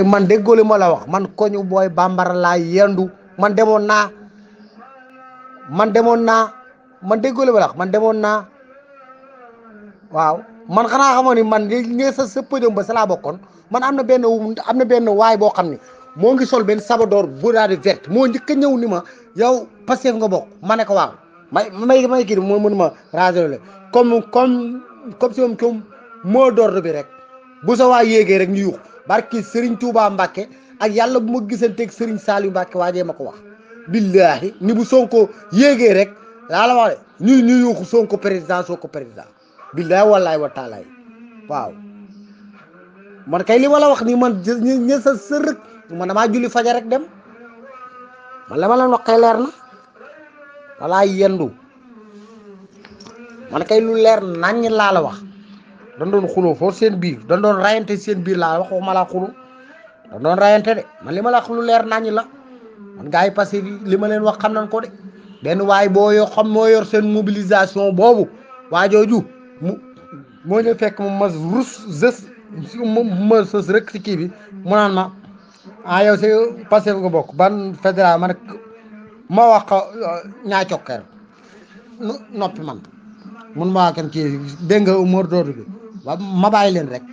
man déggoo ma la wax man koñu booy bambara laa yendu man demoon naa man demoon naa man déggoo li ma la man demoon naa waaw man xanaa xamoon ni man ñe sa sa ba sa bokkoon man am na benn am na benn waay boo xam ni moo ngi sol benn sabadoor bu daal di vert moo njëkk a ñëw ni ma yow Pastef nga bokk ma ne ko waaw may may may moo mën ma rasolé comme comme comme si moom comme moo door bi rek bu sa waay rek ñu yuux barki sëriñ tuuba Mbacke ak yàlla bu ma giseen gisanteeg Serigne Saliou Mbacke waajee ma ko wax. billaahi ni bu Sonko yéegee rek laa la wax de ñuy ñuy yuuxu Sonko président Sonko président billaahi wallaahi wa taalaay waaw. man kay li ma wax ni man jë ñë sa sërëg man damaa julli fajar rek dem man la ma la wax kay leer na walaay yendu man kay lu leer naññ laa la wax. dañ doon xuloo foofu seen biir dañ doon rayante seen biir laa wax waxuma laa xuloo dañ de man li ma laa leer naa la man gars yi passé li ma leen wax xam nañ ko de benn waay boo xam moo yor seen mobilisation boobu waa jooju mu fekk mu mas rus mu ma sës rek si kii bi mu naan ma ah yow si Pastef nga ban fédéral ma ne ma wax ko ñaa euh, cokkeer noppi man mun maa kan kii dégg nga mor doodu bi waaw ma bàyyi leen rek